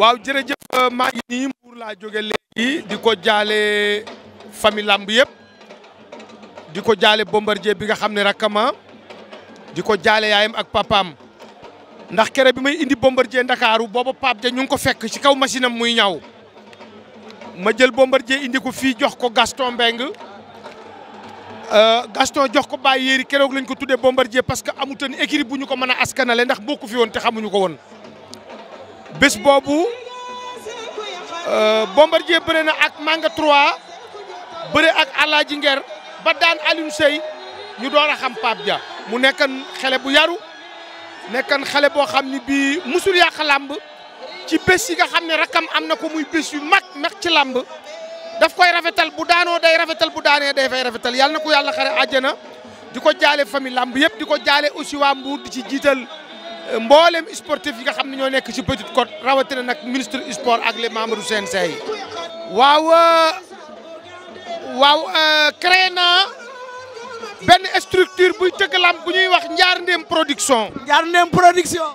waaw jërëjëf euh, maa ngi nii Mbour laa jóge léegi di ko jaale famille yëpp di ko jaale bombardier bi nga xam ne rakkama di ko jaale yaayam ak papaam ndax kere bi may indi bombardier ndakaaru booba Pape ja ñu ngi ko fekk ci kaw machine am muy ñaw ma jël bombardier indi ko fii jox ko Gaston Mbengue euh, Gaston jox ko Baye Yéri keroog lañ ko tuddee bombardier parce que amutoon écrit bu ñu ko mën a askanale ndax bokku fi woon te xamuñu ko woon bis bobu euh, Bombardier bëré na ak Manga 3 bëré ak aladji Nger ba daan alim sey ñu doora a xam Pape mu nekkan xalé bu yaru nekkan xalé bo xamni bi musul ya xalamb ci bes yi nga xamni ne rakam amna ko muy bes yu mak mak ci lamb daf koy rafetal bu daano day rafetal bu daane day fay rafetal yalla na yalla xare aljana di ko fami lamb làmb diko di aussi wa Mbour di ci jital mboolem sportif yi nga xam ne ñoo nekk ci Petite Côte rawatina nag ministre sport ak les membres du CNC yi. waaw euh, waaw euh, créé benn structure buy tëgg lamb bu ñuy wax Ndiar production. Ndiar production.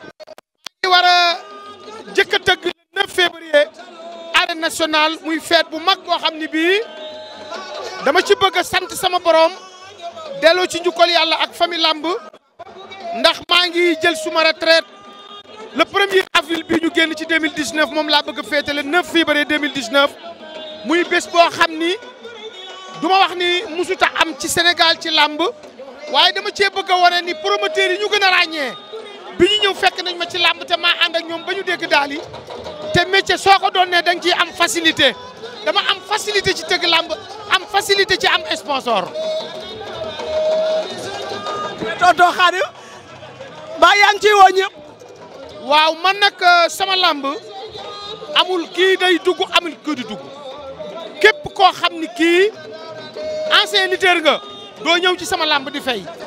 ñu war a jëkk a tëgg le 9 février. arène muy feet bu mag boo xam ne bii dama ci bëgg a sant sama borom delloo ci njukkal yàlla ak famille lamb ndax ngi jël suma retraite le 1er avril bi ñu génn ci 2019 mom la bëgg a le 9 février 2019 muy bës bo xamni duma wax ni musuta am ci Sénégal ci lamb waaye dama ci bëgg woné ni promoteur yi ñu gëna rañé ràññee bi ñu ñëw fekk nañ ma ci lamb té ma and ak ñom bañu dégg daal té métier soko ko doon ci am facilité dama am facilité ci tëgg lamb am facilité ci am sponsor. mais tonton baa yaa ngi ciy woo ñëpp. waaw man nag euh, sama làmb amul kii day dugg amul kër di dugg képp koo xam ni kii ancien lutteur nga doo ñëw ci sama làmb di fay.